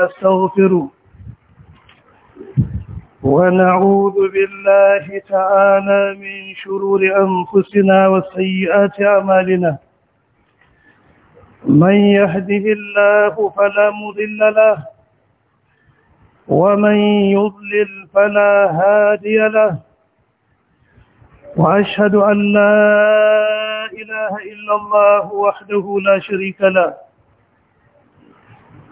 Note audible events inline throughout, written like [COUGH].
نستغفره ونعوذ بالله تعالى من شرور أنفسنا وسيئات أعمالنا من يهده الله فلا مضل له ومن يضلل فلا هادي له وأشهد أن لا إله إلا الله وحده لا شريك له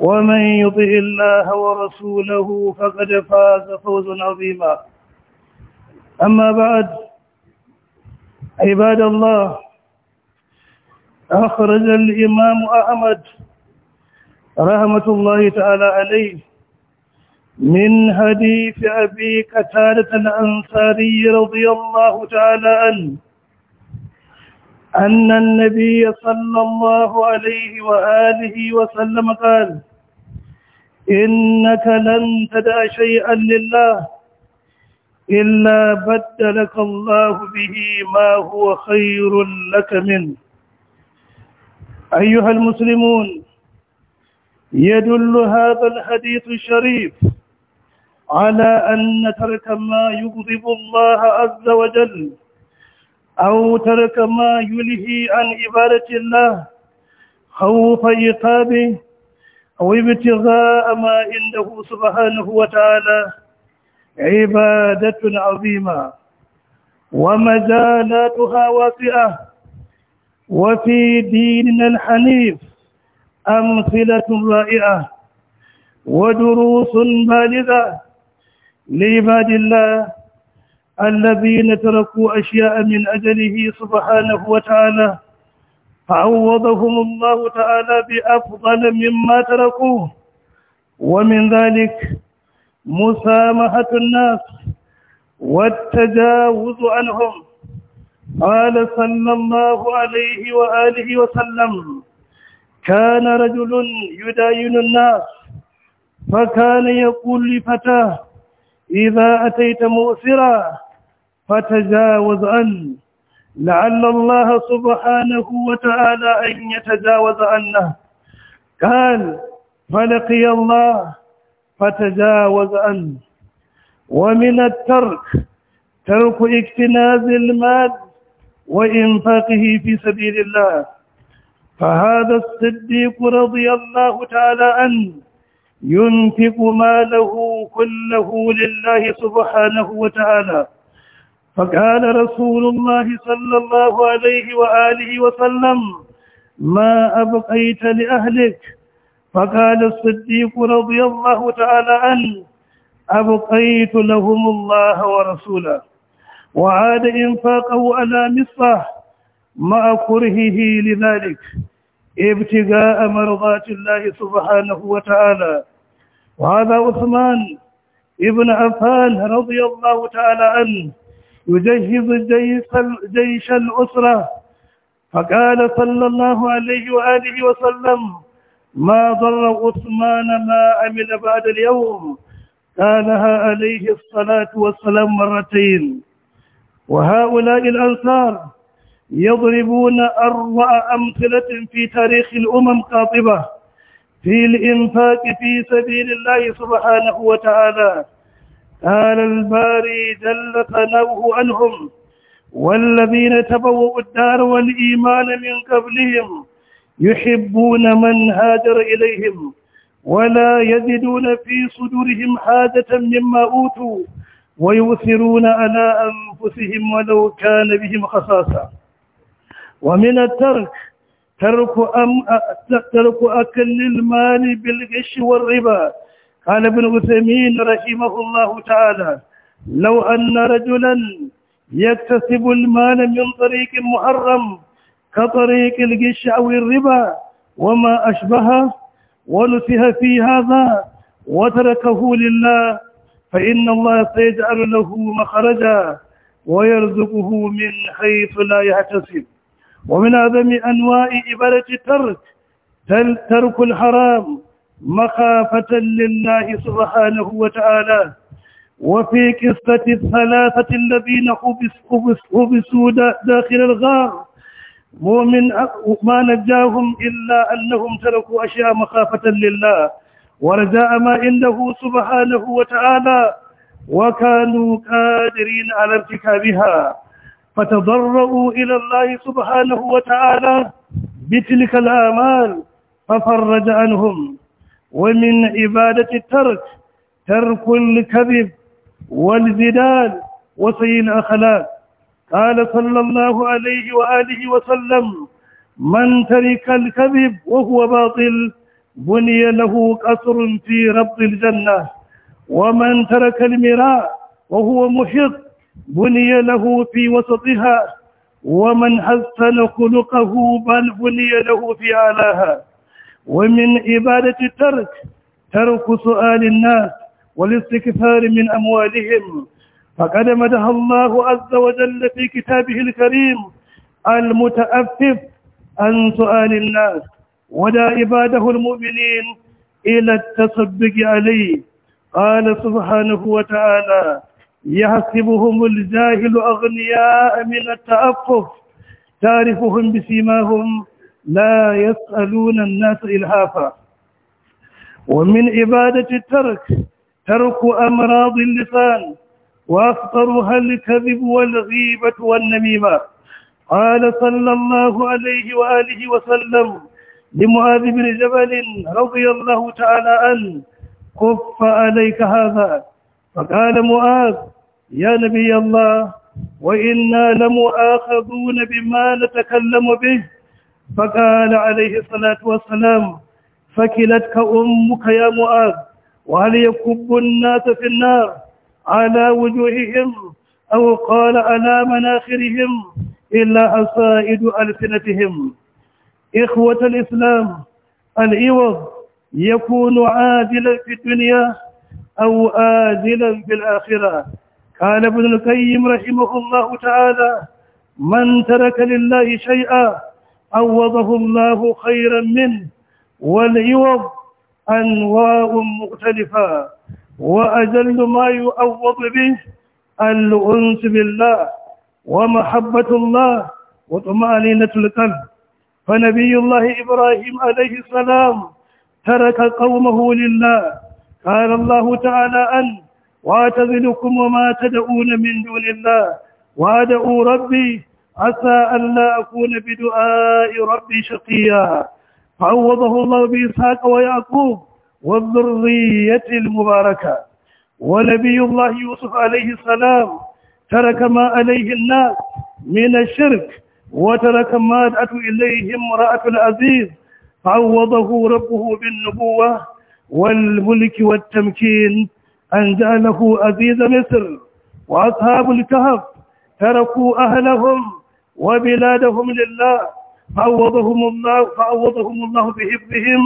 ومن يطع الله ورسوله فقد فاز فوزا عظيما أما بعد عباد الله أخرج الإمام أحمد رحمة الله تعالى عليه من حديث أبي قتادة الأنصاري رضي الله تعالى عنه أن النبي صلى الله عليه وآله وسلم قال إنك لن تدع شيئا لله إلا بدلك الله به ما هو خير لك منه أيها المسلمون يدل هذا الحديث الشريف على أن ترك ما يغضب الله عز وجل أو ترك ما يلهي عن عبادة الله خوف عقابه وابتغاء ما عنده سبحانه وتعالى عبادة عظيمة ومجالاتها واسعة وفي ديننا الحنيف أمثلة رائعة ودروس بالغة لعباد الله الذين تركوا أشياء من أجله سبحانه وتعالى فعوضهم الله تعالى بأفضل مما تركوه ومن ذلك مسامحة الناس والتجاوز عنهم قال صلى الله عليه وآله وسلم كان رجل يداين الناس فكان يقول لفتاه إذا أتيت مؤسرا فتجاوز عنه لعل الله سبحانه وتعالى أن يتجاوز عنه قال فلقي الله فتجاوز عنه ومن الترك ترك اكتناز المال وإنفاقه في سبيل الله فهذا الصديق رضي الله تعالى عنه ينفق ماله كله لله سبحانه وتعالى فقال رسول الله صلى الله عليه وآله وسلم ما أبقيت لأهلك فقال الصديق رضي الله تعالى عنه أبقيت لهم الله ورسوله وعاد إنفاقه على مصه مع كرهه لذلك ابتغاء مرضات الله سبحانه وتعالى وهذا عثمان ابن عفان رضي الله تعالى عنه يجهز جيش الأسرة فقال صلى الله عليه وآله وسلم ما ضر عثمان ما عمل بعد اليوم قالها عليه الصلاة والسلام مرتين وهؤلاء الأنصار يضربون أروع أمثلة في تاريخ الأمم قاطبة في الإنفاق في سبيل الله سبحانه وتعالى آل الباري جل ثناؤه عنهم والذين تبوؤوا الدار والإيمان من قبلهم يحبون من هاجر إليهم ولا يجدون في صدورهم حاجة مما أوتوا ويؤثرون على أنفسهم ولو كان بهم خصاصة ومن الترك ترك أم ترك أكل المال بالغش والربا قال ابن عثيمين رحمه الله تعالى لو أن رجلا يكتسب المال من طريق محرم كطريق القش أو الربا وما أشبهه ونسه في هذا وتركه لله فإن الله سيجعل له مخرجا ويرزقه من حيث لا يحتسب ومن أعظم أنواع إبرة الترك ترك الحرام مخافة لله سبحانه وتعالى وفي قصة الثلاثة الذين خبسوا داخل الغار مؤمن ما نجاهم إلا أنهم تركوا أشياء مخافة لله ورجاء ما عنده سبحانه وتعالى وكانوا قادرين على ارتكابها فتضرؤوا إلى الله سبحانه وتعالى بتلك الآمال ففرج عنهم ومن عبادة الترك ترك الكذب والجدال وسيء الأخلاق قال صلى الله عليه وآله وسلم من ترك الكذب وهو باطل بني له قصر في ربط الجنة ومن ترك المراء وهو محق بني له في وسطها ومن حسن خلقه بل بني له في آلاها ومن عبادة الترك ترك سؤال الناس والاستكثار من أموالهم فقد مدح الله عز وجل في كتابه الكريم المتأفف عن سؤال الناس ودى عباده المؤمنين إلى التصدق عليه قال سبحانه وتعالى يحسبهم الجاهل أغنياء من التأفف تعرفهم بسيماهم لا يسألون الناس إلهافا ومن عبادة الترك ترك أمراض اللسان وأخطرها الكذب والغيبة والنميمة قال صلى الله عليه وآله وسلم لمعاذ بن جبل رضي الله تعالى عنه كف عليك هذا فقال معاذ يا نبي الله وإنا لمؤاخذون بما نتكلم به فقال عليه الصلاة والسلام فكلتك أمك يا معاذ وهل يكب الناس في النار على وجوههم أو قال على مناخرهم إلا أصائد ألسنتهم إخوة الإسلام العوض يكون عادلا في الدنيا أو آجلا في الآخرة قال ابن القيم رحمه الله تعالى من ترك لله شيئا عوضه الله خيرا منه والعوض أنواع مختلفة وأجل ما يعوض به الأنس بالله ومحبة الله وطمأنينة القلب فنبي الله إبراهيم عليه السلام ترك قومه لله قال الله تعالى أن واعتذركم وما تدعون من دون الله وادعوا ربي عسى أن لا أكون بدعاء ربي شقيا فعوضه الله بإسحاق ويعقوب والذرية المباركة ونبي الله يوسف عليه السلام ترك ما عليه الناس من الشرك وترك ما دعت إليه امرأة العزيز فعوضه ربه بالنبوة والملك والتمكين أن جعله عزيز مصر وأصحاب الكهف تركوا أهلهم وبلادهم لله فأوضهم الله فعوضهم الله بحفظهم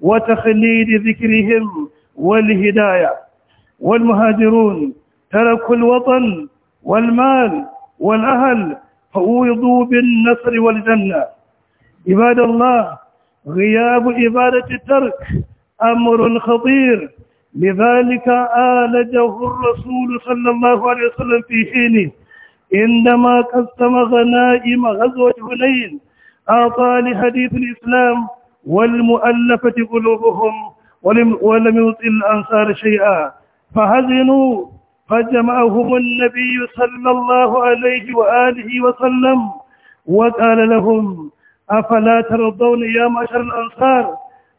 وتخليد ذكرهم والهداية والمهاجرون تركوا الوطن والمال والأهل فأوضوا بالنصر والجنة عباد الله غياب إبادة الترك أمر خطير لذلك آلجه الرسول صلى الله عليه وسلم في حينه عندما قسم غنائم غزوة هنين أعطى لحديث الإسلام والمؤلفة قلوبهم ولم, ولم يطل الأنصار شيئا فهزنوا فجمعهم النبي صلى الله عليه وآله وسلم وقال لهم أفلا ترضون يا معشر الأنصار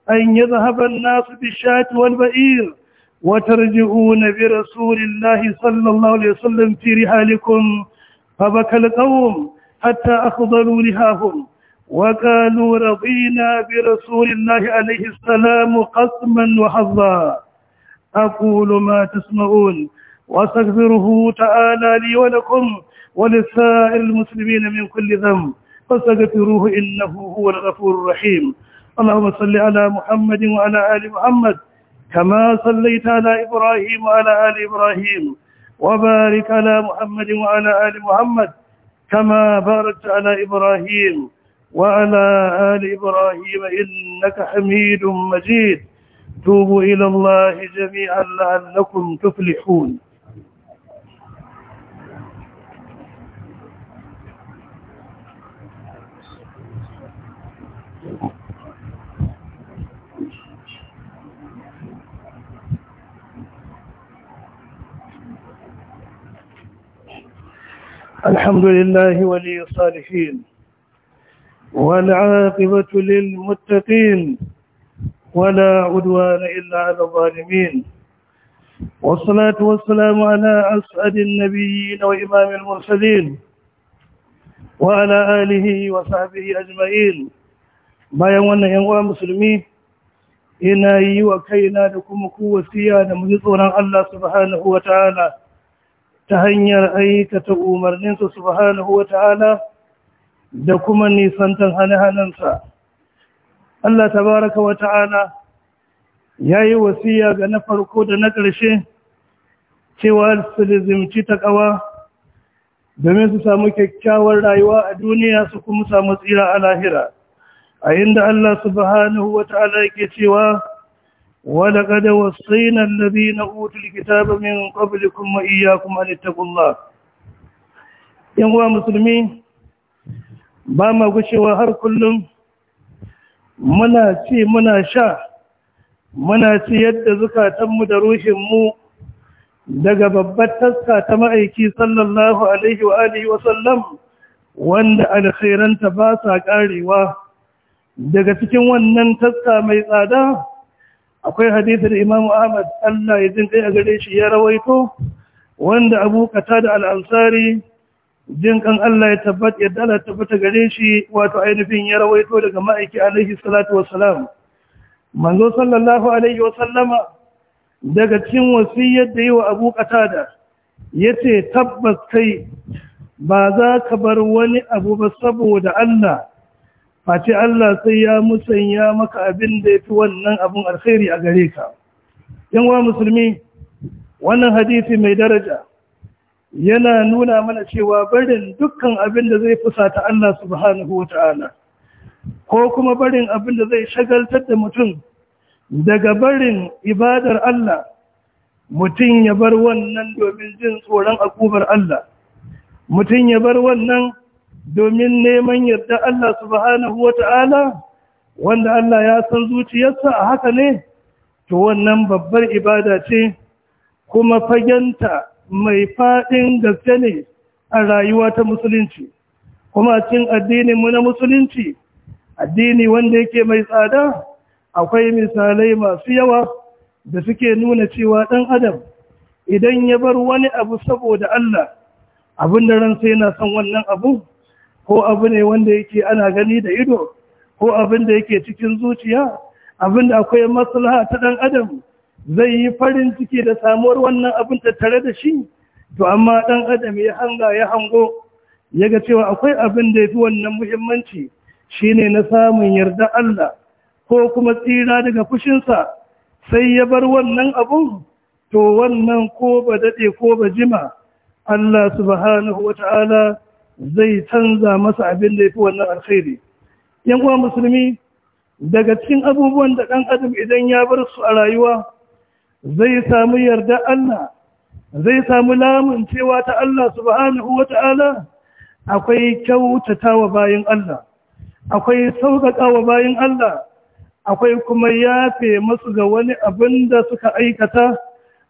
أن يذهب الناس بالشاة والبئير وترجعون برسول الله صلى الله عليه وسلم في رحالكم فبكى القوم حتى أخضلوا لهاهم وقالوا رضينا برسول الله عليه السلام قسما وحظا أقول ما تسمعون وأستغفره تعالى لي ولكم ولسائر المسلمين من كل ذنب فاستغفروه إنه هو الغفور الرحيم اللهم صل على محمد وعلى آل محمد كما صليت على إبراهيم وعلى آل إبراهيم وبارك على محمد وعلى آل محمد كما باركت على إبراهيم وعلى آل إبراهيم إنك حميد مجيد توبوا إلى الله جميعا لعلكم تفلحون الحمد لله ولي الصالحين والعاقبة للمتقين ولا عدوان إلا على الظالمين والصلاة والسلام على أسعد النبيين وإمام المرسلين وعلى آله وصحبه أجمعين bayan wannan yan uwa musulmi ina yi wa kaina da kuma ku wasiya da mu ji tsoron Allah subhanahu wataala ta hanyar aikata umarninsa subhanahu wata'ala da kuma nisantar hana-hanansa. Allah ta baraka tabaraka wata'ala ya yi wasiya ga na farko da na ƙarshe cewa su lizimci ta ƙawa domin su samu kyakkyawar rayuwa a duniya su kuma samu tsira a lahira a inda Allah su subhanahu wata'ala yake cewa ولقد وصينا الذين أوتوا الكتاب من قبلكم وإياكم أن اتقوا الله ينوى مسلمين بما قشوا هر كلهم muna ci muna sha muna ci yadda zukatanmu da mu daga babbar taska ta ma'aiki sallallahu alaihi wa alihi wasallam wanda alkhairanta ba sa karewa daga cikin wannan taska mai tsada akwai hadithar imam ahmad allah ya jin kai a gare shi ya rawaito wanda abu kata da al'ansari jin allah ya tabbata ya dala tabbata gare shi wato ainihin ya rawaito daga ma'aiki alaihi salatu wasalam manzo sallallahu alaihi wasallama daga cikin wasiyar da yi wa abu kata da ya ce tabbas kai ba za ka bar wani abu ba saboda allah fati Allah sai ya musanya maka abin da ya fi wannan abin alkhairi a gare ka yan musulmi wannan hadisi mai daraja yana nuna mana cewa barin dukkan abin da zai fusata Allah subhanahu ko kuma barin abin da zai shagaltar da mutum daga barin ibadar Allah mutum ya bar wannan domin jin tsoron akubar Allah mutum ya bar wannan domin neman yadda Allah subhanahu wa Ta'ala, wanda Allah ya san zuciyarsa a haka ne to wannan babbar ibada ce kuma fagenta mai faɗin gaske ne a rayuwa ta musulunci kuma cin addininmu na musulunci addini wanda yake mai tsada akwai misalai masu yawa da suke nuna cewa ɗan adam idan ya bar wani abu saboda Allah abin da ransa yana san wannan abu ko abu ne wanda yake ana gani da ido ko abin da yake cikin zuciya abin da akwai maslaha ta dan adam zai yi farin ciki da samuwar wannan abin tattare da shi to amma dan adam ya hanga ya hango yaga cewa akwai abin da yafi wannan muhimmanci shine na samun yarda Allah ko kuma tsira daga fushinsa sai ya bar wannan abun to wannan ko ba dade ko ba jima Allah subhanahu wataala zai canza masa abin da ya fi wannan alkhairi yan uwa musulmi daga cikin abubuwan da ɗan adam idan ya bar su a rayuwa zai samu yarda Allah zai samu lamun cewa ta Allah subhanahu Ta'ala? akwai kyautata wa bayan Allah akwai sauƙaƙa wa bayan Allah akwai kuma yafe masu ga wani abin da suka aikata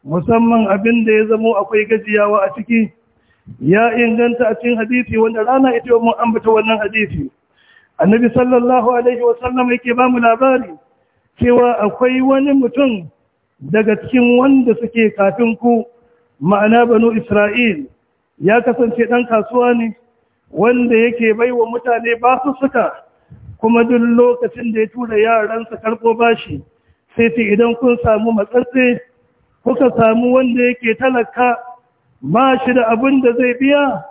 musamman abin da ya zamo akwai gajiyawa a ciki ya inganta a cikin hadisi wanda rana ita yau mun ambata wannan hadisi annabi sallallahu alaihi wa sallam yake ba mu labari cewa akwai wani mutum daga cikin wanda suke kafin ku ma'ana banu isra'il ya kasance dan kasuwa ne wanda yake baiwa mutane suka. kuma duk lokacin da ya tura yaransa karɓo bashi sai ce idan kun samu matsatse kuka samu wanda yake talaka ba shi da abin da zai biya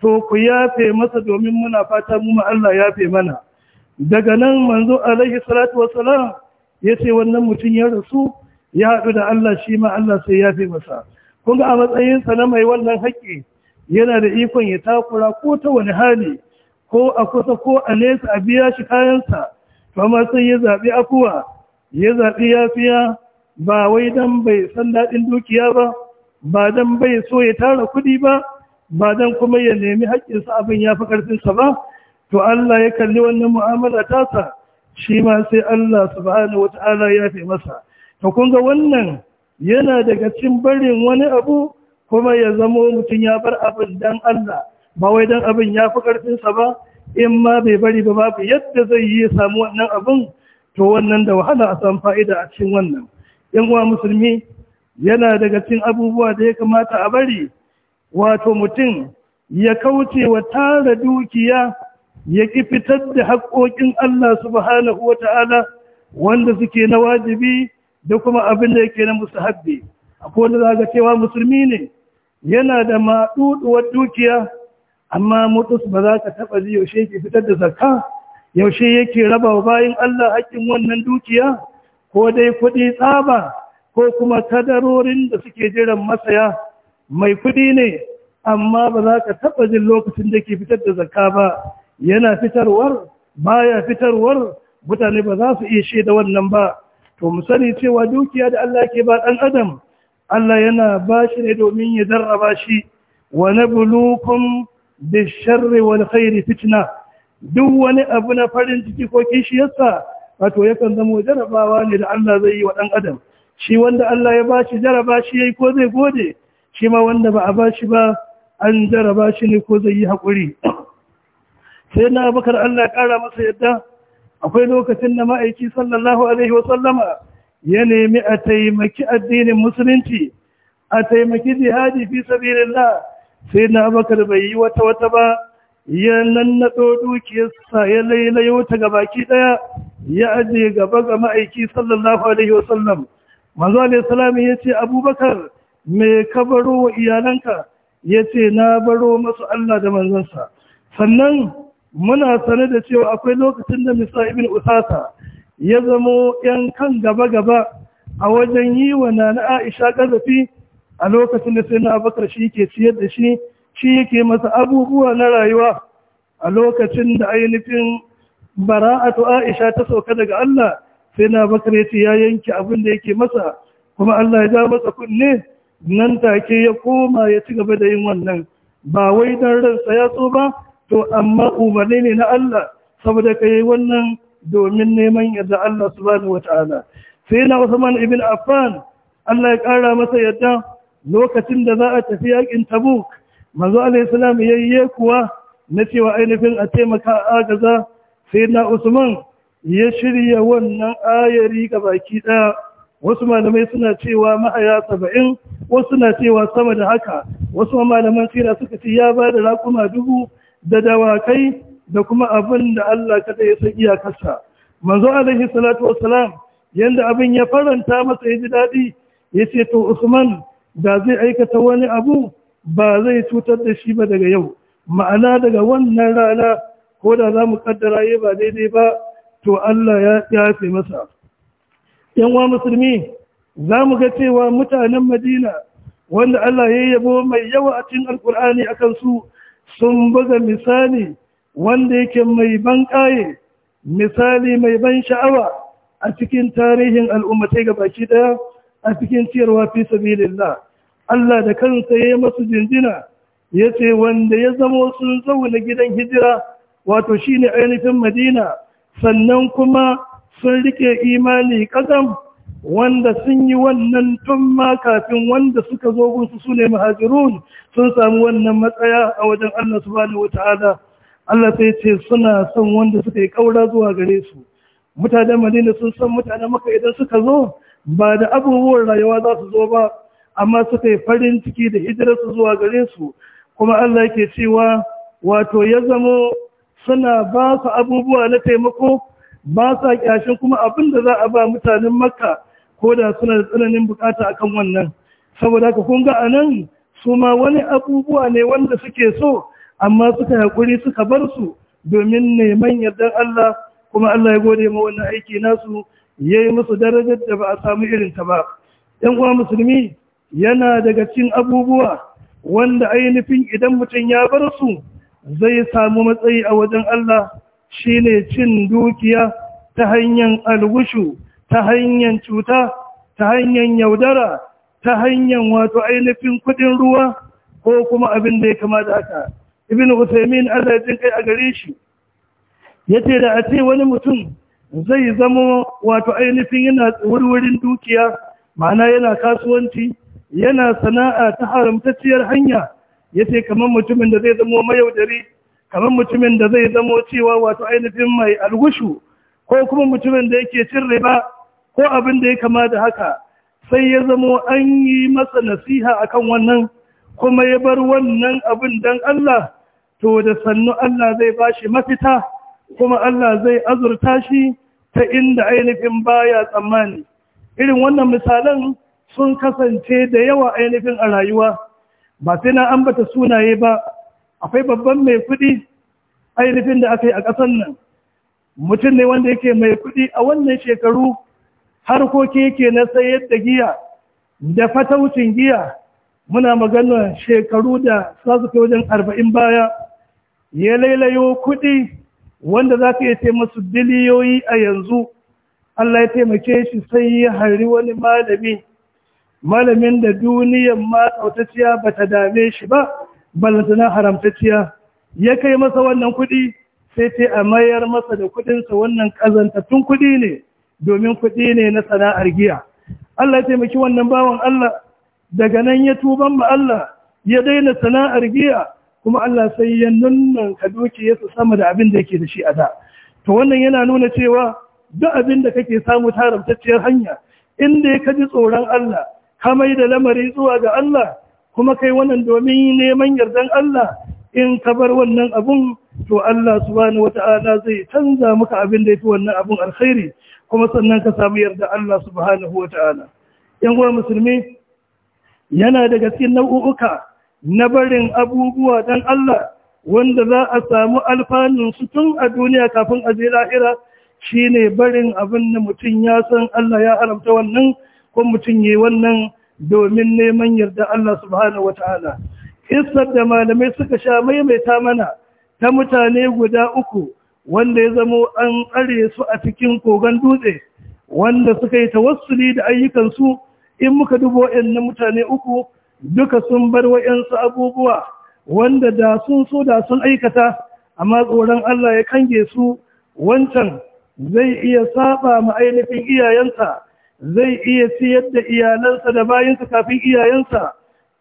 to ku yafe masa domin muna fata mu Allah yafe mana daga nan manzo alaihi salatu ya yace wannan mutum ya rasu ya haɗu da Allah shi ma Allah sai yafe masa kun a matsayin sa na mai wannan haƙƙi yana da ikon ya takura ko ta wani hali ko a kusa ko a nesa a biya shi kayansa to amma sai ya zaɓi akuwa ya zaɓi yafiya ba wai dan bai san daɗin dukiya ba ba dan bai so ya tara kuɗi ba ba dan kuma ya nemi haƙƙinsa abin ya fi ƙarfinsa ba to Allah ya kalli wannan mu'amala tasa shi ma sai Allah subhanahu wata'ala ya fi masa to kun ga wannan yana daga cikin barin wani abu kuma ya zamo mutum ya bar abin dan Allah ba wai dan abin ya fi ƙarfinsa ba in ma bai bari ba babu yadda zai yi samu wannan abin to wannan da wahala a san fa'ida a cikin wannan yan uwa musulmi yana daga cin abubuwa da ya kamata a bari wato mutum ya kauce wa tara dukiya ya ki fitar da haƙoƙin Allah subhanahu wa ta'ala wanda suke na wajibi da kuma abin da yake na musu musahabbi akwai da za cewa musulmi ne yana da maɗuɗuwar dukiya amma mutus ba za ka taɓa ji yaushe yake fitar da zakka yaushe yake raba wa bayan Allah haƙƙin wannan dukiya ko dai kuɗi tsaba ko kuma kadarorin da suke jiran masaya mai kudi ne amma ba za ka taɓa jin lokacin da ke fitar da zakka ba yana fitarwar baya fitarwar mutane ba za su iya shaida wannan ba to mu sani cewa dukiya da Allah ke ba ɗan adam Allah yana ba shi ne domin ya jarraba shi wa nabluukum bisharri wal khair fitna duk wani abu na farin ciki ko kishiyarsa wato yakan zama jarabawa ne da Allah zai yi wa ɗan adam shi wanda Allah ya bashi jaraba shi yayi ko zai gode shi ma wanda ba a bashi ba an jaraba shi ne ko zai yi haƙuri [CLEARS THROAT] sai na abakar Allah ya ƙara masa yadda akwai lokacin da ma'aiki sallallahu alaihi wa sallama ya nemi a taimaki addinin musulunci a taimaki jihadi fi sabilillah sai na bakar bai yi wata wata ba ya dukiyarsa ya lailayo ta gabaki ɗaya ya ajiye gaba ga ma'aiki sallallahu alaihi wa sallam manzo alayhi salam ya ce abubakar me ka baro wa iyalanka ya ce na baro masu Allah da manzansa sannan muna sane da cewa akwai lokacin da Musa ibn usata ya zamo yan kan gaba-gaba a wajen yi wa nana aisha kazafi a lokacin da sai na Abubakar shi ke ciyar da shi shi yake masa abubuwa na rayuwa a lokacin da ainihin bara'atu aisha ta sauka daga Allah sai na bakar ya ce ya yanke abin da yake masa kuma Allah ya ja masa kunne nan take ya koma ya ci gaba da yin wannan ba wai dan ransa ya so ba to amma umarni ne na Allah saboda ka yi wannan domin neman yadda Allah subhanahu wata'ala sai na Usman ibn Affan Allah ya kara masa yadda lokacin da za a tafi yakin Tabuk manzo alaihi salam yayye kuwa na cewa ainihin a taimaka agaza sai na Usman ya shirya wannan ayari ga baki ɗaya wasu malamai suna cewa ma'aya saba'in wasu na cewa sama da haka wasu malaman tsira suka ce ya ba da raƙuma dubu da dawakai da kuma abin da Allah kada ya san iyakarsa manzo alaihi salatu wassalam yanda abin ya faranta masa ya ji daɗi ya ce to usman da zai aikata wani abu ba zai cutar da shi ba daga yau ma'ana daga wannan rana ko da za mu kaddara yi ba daidai ba to Allah ya yafe masa yan musulmi za mu ga cewa mutanen madina wanda Allah ya yabo mai yawa a cikin alkur'ani akan su sun buga misali wanda yake mai ban ƙaye misali mai ban sha'awa a cikin tarihin al'ummatai ga baki ɗaya a cikin ciyarwa fi sabilillah Allah da kansa ya yi masu jinjina ya ce wanda ya zamo sun zauna gidan hijira wato shine ainihin madina sannan kuma sun rike imani kasam wanda sun yi wannan tun ma kafin wanda suka zo gunsu su ne mahajirun sun samu wannan matsaya a wajen Allah subhanahu wataala Allah sai ce suna son wanda suka yi ƙaura zuwa gare su mutanen Madina sun san mutanen maka idan suka zo ba da abubuwan rayuwa za su zo ba amma suka yi farin ciki da hijirarsu zuwa gare su kuma Allah yake cewa wato ya zamo suna ba su abubuwa na taimako ba sa kyashin kuma abin da za a ba mutanen makka ko da suna da tsananin bukata akan wannan saboda haka kun ga anan su ma wani abubuwa ne wanda suke so amma suka haƙuri suka bar su domin neman yardar Allah kuma Allah ya gode ma wannan aiki nasu ya yi musu darajar da ba a samu irin ta ba ‘yan uwa musulmi yana daga cikin abubuwa wanda ainihin idan mutum ya bar su zai samu matsayi a wajen Allah shi ne cin dukiya ta hanyar alwushu, ta hanyar cuta ta hanyar yaudara ta hanyar wato ainihin kudin ruwa ko kuma abin da ya kama da haka ibn Uthaymeen Allah ya kai a gare shi Ya ce da a ce wani mutum zai zama wato ainihin yana wurwurin dukiya ma'ana yana kasuwanci yana sana'a ta haramtacciyar hanya Ya ce kamar mutumin da zai zamo mayaudari kamar mutumin da zai zamo cewa wato ainihin mai alwushu, ko kuma mutumin da yake cin riba ko abin da ya kama da haka sai ya zamo an yi masa nasiha akan wannan kuma ya bar wannan abin dan Allah to da sannu Allah zai bashi mafita kuma Allah zai azurta shi ta inda ainihin baya tsammani irin wannan misalan sun kasance da yawa ainihin a rayuwa ba sai na ambata sunaye ba akwai babban mai kuɗi ainihin da aka yi a ƙasar nan mutum ne wanda yake mai kuɗi a wannan shekaru harkoki yake na sayar da giya da fataucin giya muna maganar shekaru da za su kai wajen arba'in baya ya lailayo kuɗi wanda za ka yi ce masu biliyoyi a yanzu Allah ya taimake shi sai ya hari wani malami malamin da duniyan ma tsautacciya ba ta dame shi ba ballantana haramtacciya ya kai masa wannan kuɗi sai ce a mayar masa da kuɗinsa wannan ƙazantattun kuɗi ne domin kuɗi ne na sana'ar giya Allah ya taimaki wannan bawan Allah daga nan ya tuban ma Allah ya daina sana'ar giya kuma Allah sai ya nunnan ka dukiyarsa sama da abin da yake da shi a da to wannan yana nuna cewa duk abin da kake samu ta haramtacciyar hanya inda ya kaji tsoron Allah ka mai da lamari zuwa ga Allah kuma kai wannan domin neman yardan Allah in ka bar wannan abun to Allah subhanahu wata'ala zai canza maka abin da yafi wannan abun alkhairi kuma sannan ka samu yarda Allah subhanahu wata'ala yan uwa musulmi yana daga cikin nau'uka na barin abubuwa dan Allah wanda za a samu alfanun su tun a duniya kafin a je lahira shine barin abin da mutum ya san Allah ya haramta wannan ko mutum yi wannan domin neman yarda Allah subhanahu wata'ala Kisar da malamai suka sha maimaita mana ta mutane guda uku wanda ya zamo an tsare su a cikin kogon dutse wanda suka yi tawassuli da ayyukansu in muka dubo na mutane uku duka sun bar wa'yansu abubuwa wanda da sun so da sun aikata amma tsoron Allah ya kange su wancan zai iya saba ma iyayensa zai iya siyar da iyalansa da bayansa kafin iyayensa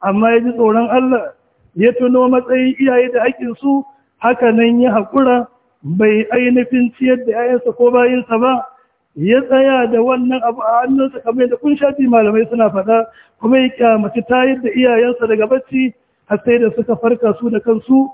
amma ya ji tsoron Allah ya tuno matsayin iyaye da haƙinsu haka nan ya haƙura bai ainihin ciyar da ‘ya'yansa ko bayansa ba ya tsaya da wannan abu a hannunsa kamar da kun shafi malamai suna faɗa kuma ya kyamaci tayar da iyayensa daga bacci har sai da suka farka su da kansu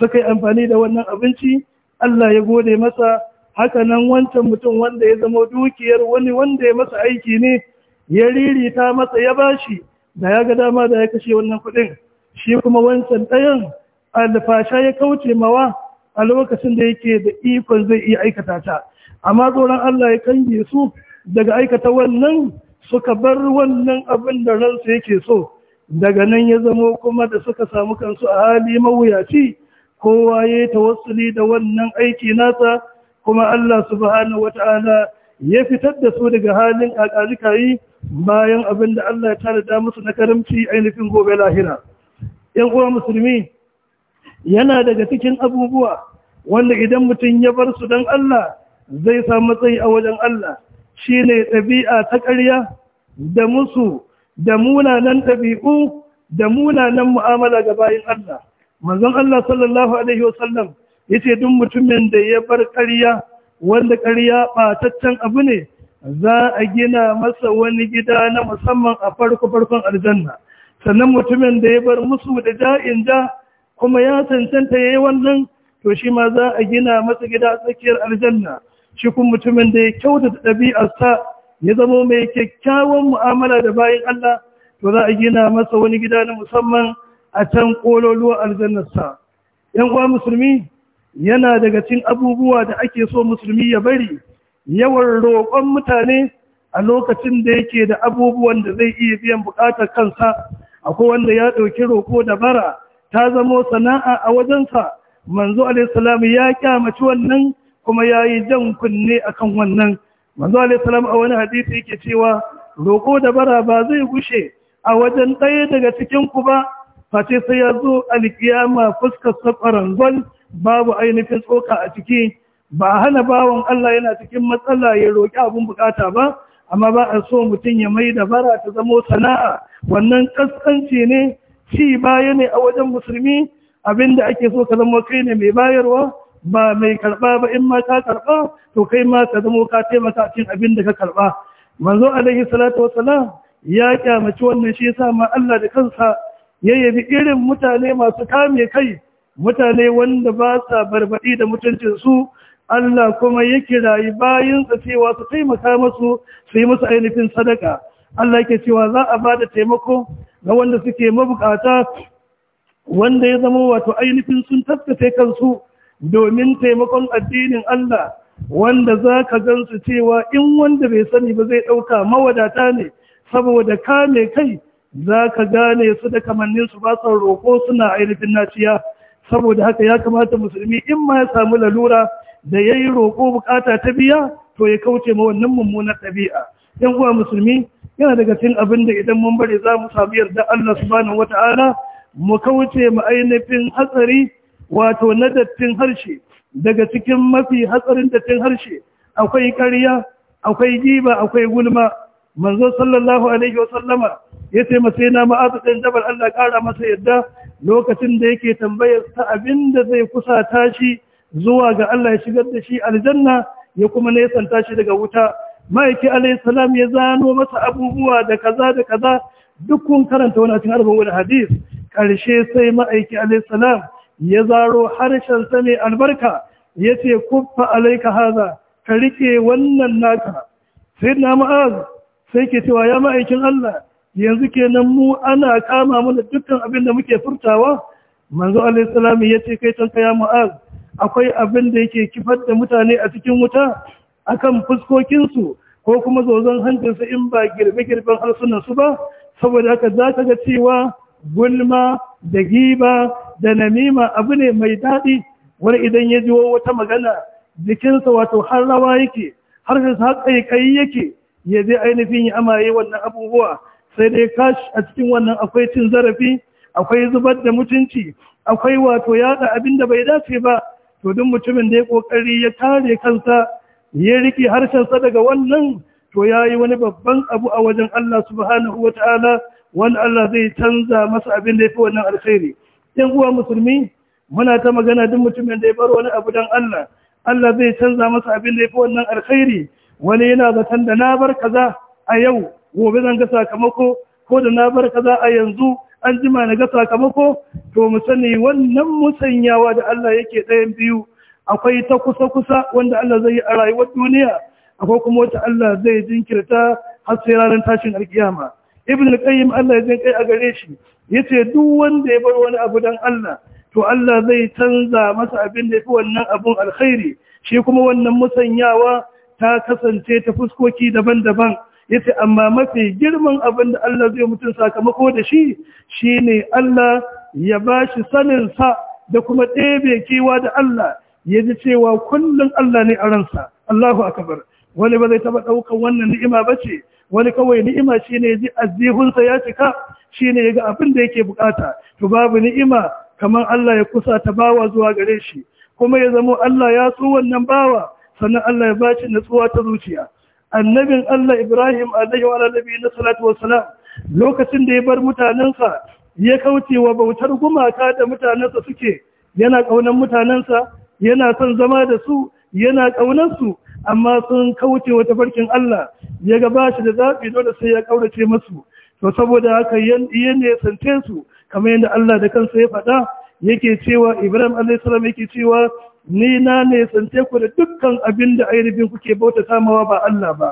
suka yi amfani da wannan abinci Allah ya gode masa haka nan wancan mutum wanda ya zama dukiyar wani wanda ya masa aiki ne ya ririta masa ya bashi da ya ga dama da ya kashe wannan kuɗin shi kuma wancan ɗayan alfasha ya kauce mawa a lokacin da yake da ikon zai iya aikata ta amma tsoron Allah ya kange su daga aikata wannan suka bar wannan abin da ransu yake so daga nan ya zamo kuma da suka samu kansu a hali mawuyaci kowa ya yi tawassuli da wannan aiki nasa kuma Allah subhanahu wata'ala ya fitar da su daga halin alƙalikayi bayan abin da Allah ya tare musu na karamci ainihin gobe lahira yan uwa musulmi yana daga cikin abubuwa wanda idan mutum ya bar su don Allah zai samu matsayi a wajen Allah shine ɗabi'a ta ƙarya da musu da munanan ɗabi'u da munanan mu'amala ga bayan Allah manzon Allah sallallahu alaihi wasallam Ya ce duk mutumin da ya bar ƙarya wanda ƙarya ɓataccen abu ne za a gina masa wani gida na musamman a farko farkon aljanna sannan mutumin da ya bar musu da ja'in ja kuma ya cancanta yayi wannan to shi ma za a gina masa gida a tsakiyar aljanna shi kuma mutumin da ya kyautata ɗabi'arsa ya zama mai kyakkyawan mu'amala da bayan Allah to za a gina masa wani gida na musamman a can kololuwa aljannarsa yan uwa musulmi yana daga cin abubuwa da ake so musulmi ya bari yawan roƙon mutane a lokacin da yake da abubuwan da zai iya biyan buƙatar kansa akwai wanda ya ɗauki roƙo da bara ta zamo sana'a a wajensa manzo alaihissalam ya kyamaci wannan kuma ya yi jan kunne a kan wannan manzo alaihissalam a wani hadisi yake cewa roƙo da bara ba zai gushe a wajen ɗaya daga cikin ku ba face sai ya zo alƙiyama fuskar sa gwal. babu ainihin tsoka a ciki ba hana bawon Allah yana cikin matsala ya roƙi abin bukata ba amma ba a so mutum ya mai da bara ta zamo sana'a wannan kaskanci ne ci baya ne a wajen musulmi Abin da ake so ka zama kai ne mai bayarwa ba mai karba ba in ma ka karba to kai ma ka zama ka taimaka cikin abin da ka karba manzo alaihi salatu ya kyamaci wannan shi yasa ma Allah da kansa ya yabi irin mutane masu kame kai mutane wanda ba sa barbaɗi da mutuncinsu Allah kuma ya kirayi bayansa cewa su taimaka masu su yi musu ainihin sadaka Allah ke cewa za a ba da taimako ga wanda suke mabukata wanda ya zama wato ainihin sun taskace kansu domin taimakon addinin Allah wanda za ka gansu cewa in wanda bai sani ba zai ɗauka mawadata ne saboda kame kai za ka gane su da kamanninsu ba sa roƙo suna ainihin naciya saboda haka ya kamata musulmi in ma ya samu lalura da ya yi roƙo bukata ta biya to ya kauce ma wannan mummunar ɗabi'a yan uwa musulmi yana daga cikin abin da idan mun bari za mu samu yarda Allah subhanahu wata'ala mu kauce ma'ainafin ainihin hatsari wato na dattin harshe daga cikin mafi hatsarin dattin harshe akwai ƙarya akwai jiba, akwai gulma manzo sallallahu alaihi sallama ya ce masai na ma'azu ɗin jabal Allah ƙara masa yadda lokacin da yake tambayar ta abin da zai kusa tashi zuwa ga Allah ya shigar da shi aljanna ya kuma nesanta shi daga wuta ma'aiki alayhi salam ya zano masa abubuwa da kaza da kaza duk kun karanta wani cikin arba'u da hadis karshe sai maiki alayhi salam ya zaro harshen sa mai albarka yace kuffa alayka haza ka rike wannan naka sai na ma'az sai ke cewa ya ma'aikin Allah yanzu kenan mu ana kama mana dukkan abin da muke furtawa manzo alayhi salam ya ce kai tanka ya mu'az akwai abin da yake kifar da mutane a cikin wuta akan fuskokinsu ko kuma zozon hancinsu in ba girbe-girben harsunansu ba saboda haka za ka ga cewa gulma da giba da namima abu ne mai daɗi wani idan ya jiwo wata magana jikinsa wato har rawa yake har da sa yake ya je ainihin ya amaye wannan abubuwa sai dai kash a cikin wannan akwai cin zarafi akwai zubar da mutunci akwai wato yada abin da bai dace ba to duk mutumin da ya kokari ya kare kansa ya rike harshensa daga wannan to yayi wani babban abu a wajen Allah subhanahu ta'ala, wani Allah zai canza masa abin da fi wannan alkhairi yan uwa musulmi muna ta magana duk mutumin da ya bar wani abu dan Allah Allah zai canza masa abin da fi wannan alkhairi wani yana zaton da na bar kaza a yau gobe zan ga sakamako ko da na bar kaza a yanzu an jima na ga sakamako to mu sani wannan musanyawa da Allah yake ɗayan biyu akwai ta kusa kusa wanda Allah zai yi a rayuwar duniya akwai kuma wata Allah zai jinkirta har sai ranar tashin alkiyama ibn qayyim Allah ya jin kai a gare shi yace duk wanda ya bar wani abu dan Allah to Allah zai canza masa abin da yafi wannan abun alkhairi shi kuma wannan musanyawa ta kasance ta fuskoki daban-daban yace amma mafi girman abin da Allah zai mutum sakamako da shi shine Allah ya bashi sanin sa da kuma ɗebe kewa da Allah ya ji cewa kullum Allah ne a ransa Allahu akbar wani ba zai taba ɗaukan wannan ni'ima ba ce wani kawai ni'ima shine ya ji azihunsa ya cika shine ya ga abin da yake bukata to babu ni'ima kamar Allah ya kusa ta bawa zuwa gare shi kuma ya zamo Allah ya so wannan bawa sannan Allah ya ba shi natsuwa ta zuciya annabin Allah Ibrahim alaihi wa alihi na salatu wassalam lokacin da ya bar mutanensa ya kauce wa bautar gumaka da mutanensa suke yana kaunan mutanensa yana son zama da su yana kaunan su amma sun kauce wa tafarkin Allah ya ga bashi da zabi dole sai ya kaurace musu to saboda haka yan ne sante su kamar yadda Allah da kansa ya faɗa yake cewa Ibrahim alaihi salam yake cewa ni na ne tsance ku da dukkan abin da ainihin kuke bauta samawa ba Allah ba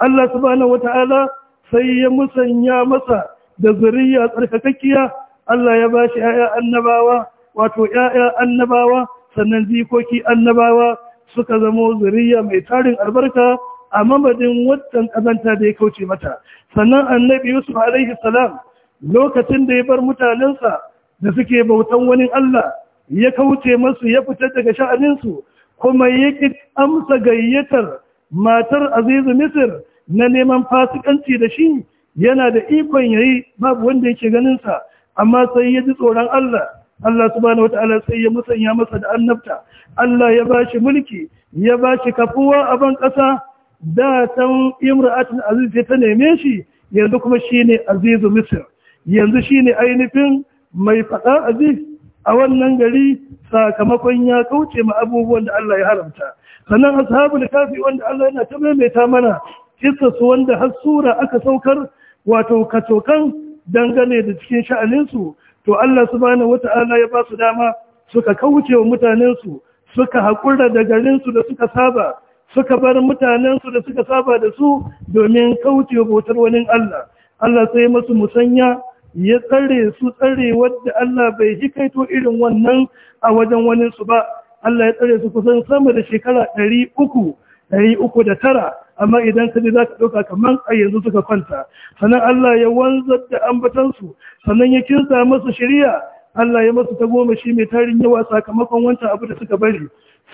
Allah subhanahu ta’ala sai ya musanya masa da zuriya tsarkakakkiya Allah ya ba shi 'ya'ya annabawa wato 'ya'ya annabawa sannan jikoki annabawa suka zamo zuriya mai tarin albarka a mamadin wancan kazanta da ya kauce mata sannan annabi yusuf alaihi salam lokacin da ya bar mutanensa da suke bautan wani Allah ya kauce masu ya fita daga sha'aninsu kuma ya ƙi amsa gayyatar matar azizu misir na neman fasikanci da shi yana da ikon yayi babu wanda yake ganinsa amma sai ya ji tsoron Allah Allah subhanahu wataala sai ya musanya masa da annabta Allah ya ba shi mulki ya ba bashi kafuwa a ban ƙasa da tan imra'atun aziz ta neme shi yanzu kuma shine azizu misir yanzu shine ainihin mai faɗa aziz a wannan gari sakamakon ya kauce ma abubuwan da Allah ya haramta sannan ashabul kafi wanda Allah yana ta maimaita mana kissa su wanda har sura aka saukar wato katokan, dangane da cikin sha'aninsu, to Allah subhanahu wata'ala ya ba su dama suka kauce wa mutanensu, su suka haƙura da garinsu da suka saba suka bar mutanensu da suka saba da su domin kauce wa bautar wani Allah Allah sai masu musanya ya tsare su tsare wadda Allah bai kaito irin wannan a wajen wani su ba Allah ya tsare su kusan sama da shekara ɗari uku ɗari uku da tara amma idan ka za ka ɗauka kamar a yanzu suka kwanta sannan Allah ya wanzar da ambatansu sannan ya kinsa masu shirya Allah ya masu ta goma shi mai tarin yawa sakamakon wancan abu da suka bari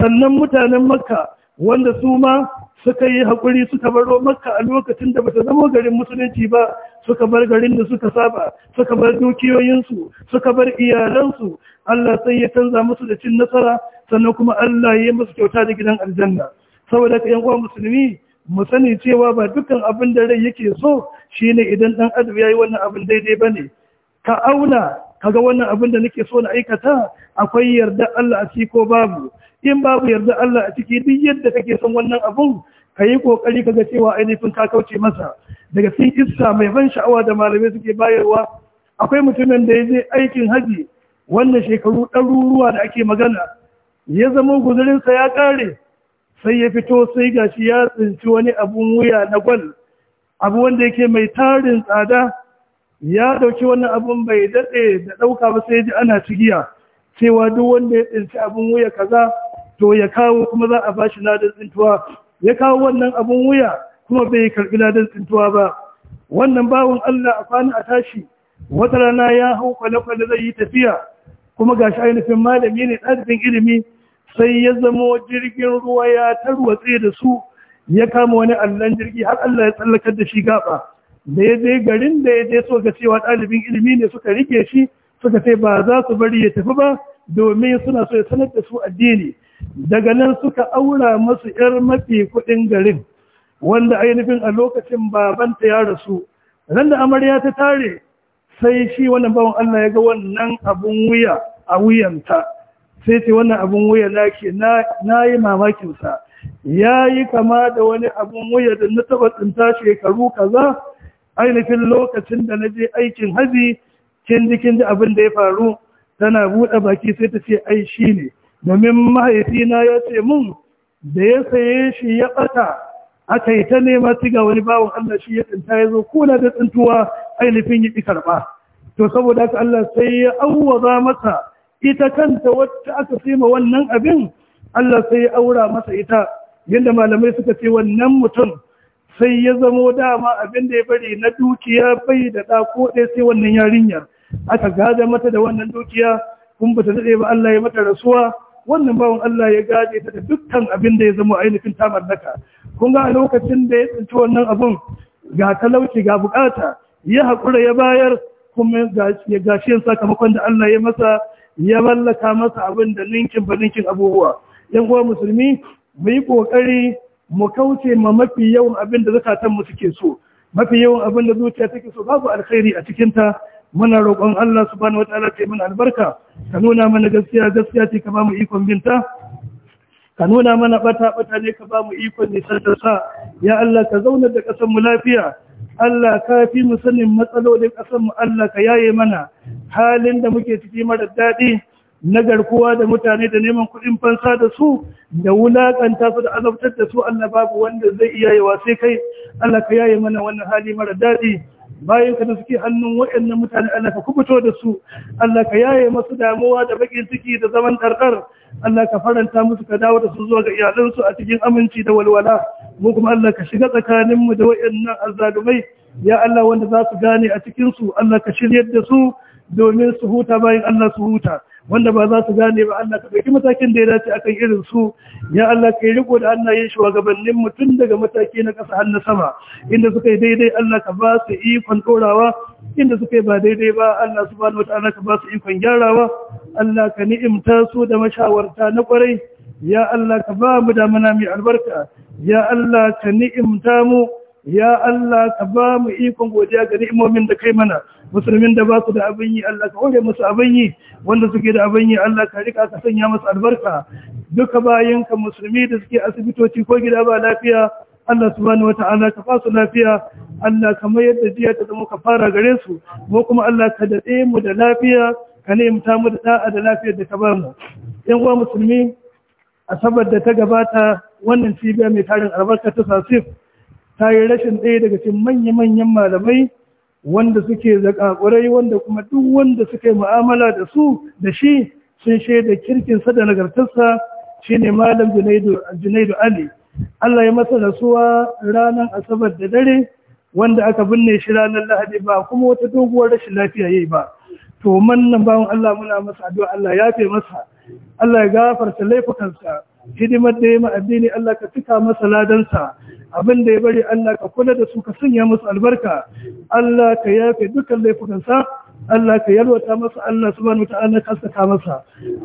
sannan mutanen makka wanda su ma suka yi haƙuri suka baro makka a lokacin da bata zama garin musulunci ba suka bar garin da suka saba suka bar dukiyoyinsu suka bar iyalansu Allah sai ya canza musu da cin nasara sannan kuma Allah ya yi musu kyauta da gidan aljanna saboda ka yan uwa musulmi mu sani cewa ba dukkan abin da rai yake so shine idan dan adam yayi wannan abin daidai bane ka auna kaga wannan abin da nake so na aikata akwai yarda Allah a ciki ko babu in babu yarda Allah a ciki duk yadda kake son wannan abun kayi kokari kaga cewa ainihin ka kauce masa daga cikin isa mai ban sha'awa da malamai suke bayarwa akwai mutumin da ya je aikin haji wannan shekaru ɗaruruwa da ake magana ya zama guzurinsa ya ƙare sai ya fito sai gashi ya tsinci wani abun wuya na gwal abu wanda yake mai tarin tsada ya ɗauki wannan abun bai daɗe da ɗauka ba sai ji ana cigiya cewa duk wanda ya tsinci abun wuya kaza to ya kawo kuma za a bashi na da tsintuwa ya kawo wannan abun wuya kuma bai karbi ladan tsintuwa ba wannan bawan Allah a kwana a tashi wata rana ya hau kwale-kwale zai yi tafiya kuma ga shi ainihin malami ne ɗalibin ilimi sai ya zamo jirgin ruwa ya tarwatse da su ya kama wani allon jirgi har Allah ya tsallakar da shi gaba da ya je garin da ya je so ga cewa ɗalibin ilimi ne suka rike shi suka ce ba za su bari ya tafi ba domin suna so ya sanar da su addini daga nan suka aura masu yar mafi kuɗin garin wanda ainihin a lokacin babanta ya rasu ran da amarya ta tare sai shi wannan bawan Allah ya ga wannan abun wuya a wuyanta sai ce wannan abin wuya na ke na yi mamakinsa ya yi kama da wani abin wuya da na taba tsinta shekaru kaza ainihin lokacin da na je aikin haji kin ji kin ji abin da ya faru tana buɗe baki sai ta ce ai shi ne domin mahaifina ya ce mun da ya saye shi ya ɓata aka yi ta nema ga wani bawan Allah shi ya tsinta ya zo kuna da tsintuwa ainihin ya ƙi karɓa to saboda haka Allah sai ya awwaza masa ita kanta wacce aka ma wannan abin Allah sai ya aura masa ita yadda malamai suka ce wannan mutum sai ya zamo dama abin da ya bari na dukiya bai da ɗa ko ɗaya sai wannan yarinyar aka gada mata da wannan dukiya kun bata daɗe ba Allah ya mata rasuwa wannan bawan Allah ya gaje ta da dukkan abin da ya zamo ainihin ta mallaka kun ga lokacin da ya tsinci wannan abun ga talauci ga bukata ya haƙura ya bayar kuma ya gashi sakamakon da Allah ya masa ya mallaka masa abin da ninkin ba ninkin abubuwa yan uwa musulmi mu yi kokari mu kauce ma mafi yawan abin da zakatan mu suke so mafi yawan abin da zuciya take so babu alkhairi a cikin ta muna roƙon Allah subhanahu wataala ta yi mana albarka ka nuna mana gaskiya gaskiya ce ka ba mu ikon binta ka nuna mana bata bata ne ka ba mu ikon nisantar sa ya Allah ka zauna da ƙasar mu lafiya Allah ka fi mu sanin matsalolin ƙasar mu Allah ka yaye mana halin da muke ciki mara daɗi na garkuwa da mutane da neman kuɗin fansa da su da wulaƙanta su da azabtar da su Allah babu wanda zai iya yawa sai kai Allah ka yaye mana wannan hali mara daɗi bayan ka da suke hannun waɗannan mutane Allah ka kubuto da su Allah ka yaye masu damuwa da bakin ciki da zaman ɗarɗar Allah ka faranta musu ka dawo da su zuwa ga iyalansu a cikin aminci da walwala mu kuma Allah ka shiga tsakaninmu da waɗannan azzalumai ya Allah wanda za su gane a cikinsu Allah ka shiryar da su domin su huta bayan Allah su huta wanda ba za su gane ba Allah ka ɗauki matakin da ya dace akan irin su ya Allah ka yi riko da Allah ya gabanin mutum daga mataki na ƙasa har na sama inda suka yi daidai Allah ka ba su ikon ɗorawa inda suka yi ba daidai ba Allah subhanahu wataala ka ba su ikon gyarawa Allah ka ni'imta su da mashawarta na kwarai ya Allah ka ba mu da mana mai albarka ya Allah ka ni'imta mu ya Allah ka ba mu ikon godiya ga ni'imomin da kai mana musulmin da ba su da abin yi Allah ka hore musu abin yi wanda suke da abin yi Allah ka rika ka sanya musu albarka duka bayan ka musulmi da suke asibitoci ko gida ba lafiya Allah subhanahu wata'ala ka fasu lafiya Allah ka mayar da jiya ta zama ka fara gare su ko kuma Allah ka dade mu da lafiya ka nemta mu da da'a da lafiyar da ka ba mu yan uwa musulmi asabar da ta gabata wannan cibiya mai tarin albarka ta sasif ta yi rashin ɗaya daga cikin manya-manyan malamai wanda suke zakakurai wanda kuma duk wanda suka yi mu'amala da su da shi sun shaida kirkinsa da nagartarsa shine malam junaidu ali allah ya masa rasuwa ranar asabar da dare wanda aka binne shi ranar lahadi ba kuma wata doguwar rashin lafiya yi ba to mannan bawan allah muna masa addu'a allah ya fi masa allah ya gafarta laifukansa hidimar da ya ma addini allah ka cika masa ladansa abin da ya bari Allah ka kula da su ka sanya musu albarka Allah ka yafe dukkan laifukansa Allah ka yalwata masa Allah subhanahu wataala ka saka masa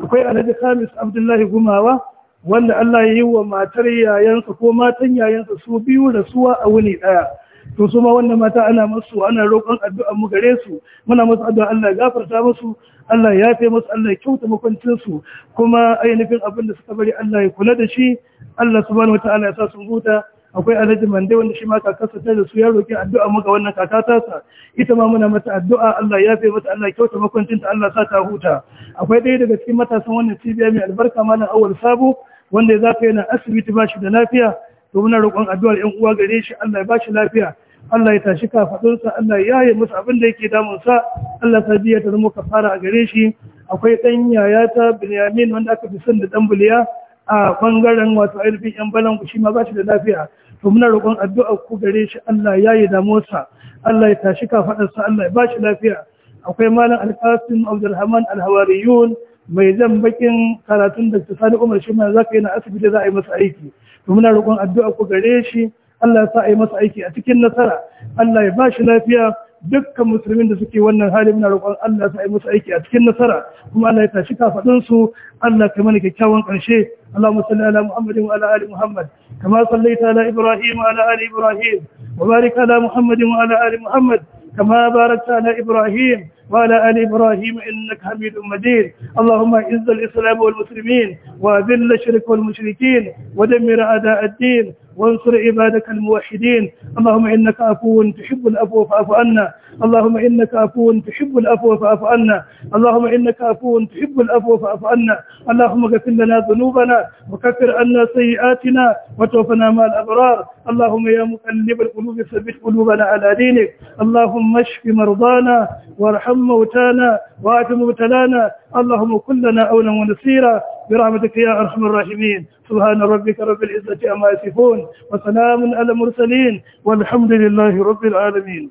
akwai Alhaji Khamis Abdullahi Gumawa wanda Allah ya yi wa matar yayansa ko matan yayansa su biyu rasuwa a wuni daya to su ma wannan mata ana masu ana roƙon addu'a mu gare su muna masu addu'a Allah ya gafarta musu Allah ya yafe masu Allah ya kyauta makwancin su kuma ainihin abin da suka bari Allah ya kula da shi Allah subhanahu wataala ya sa sun huta akwai alhaji mande wanda shi ma kakarsa ta da su ya roki addu'a muka wannan kaka tasa ita ma muna mata addu'a Allah ya fi mata Allah kyauta makwancin ta Allah sa ta huta akwai ɗaya daga cikin matasan wannan cibiya mai albarka malam awal sabo wanda ya zaka yana asibiti ba shi da lafiya to muna roƙon addu'ar 'yan uwa gare shi Allah ya ba shi lafiya Allah ya tashi sa, Allah ya yi musu abin da yake sa. Allah ta biya ta zama kafara a gare shi akwai ɗan yayata Binyamin wanda aka fi son da ɗan buliya a ɓangaren wato ainihin ƴan balangu shi ma ba shi da lafiya to muna roƙon addu'a ku gare shi Allah ya yi damuwarsa Allah ya tashi kafaɗarsa Allah ya ba shi lafiya akwai malam alkasim abdulrahman alhawariyun mai zan bakin karatun da sani umar shi ma za ka yi na asibiti za a yi masa aiki to muna roƙon addu'a ku gare shi Allah ya sa a yi masa aiki a cikin nasara Allah ya ba shi lafiya dukkan musulmin da suke wannan hali muna roƙon Allah sa yi musu aiki a cikin nasara kuma Allah ya tashi kafadun su Allah ka mana kyakkyawan ƙarshe Allahumma salli ala Muhammadin wa ala ali Muhammad kama sallaita ala Ibrahim wa ala ali Ibrahim wa barik ala Muhammadin wa ala ali Muhammad kama barakta ala Ibrahim وعلى آل إبراهيم إنك حميد مجيد اللهم إذ الإسلام والمسلمين وأذل الشرك والمشركين ودمر أعداء الدين وانصر عبادك الموحدين اللهم إنك عفو تحب العفو فاعف عنا اللهم إنك عفو تحب العفو فاعف عنا اللهم إنك عفو تحب العفو فاعف عنا اللهم اغفر لنا ذنوبنا وكفر عنا سيئاتنا وتوفنا مع الأبرار اللهم يا مقلب القلوب ثبت قلوبنا على دينك اللهم اشف مرضانا وارحم اللهم موتانا وآت مبتلانا اللهم كلنا أولا ونصيرا برحمتك يا أرحم الراحمين سبحان ربك رب العزة أما يصفون وسلام على المرسلين والحمد لله رب العالمين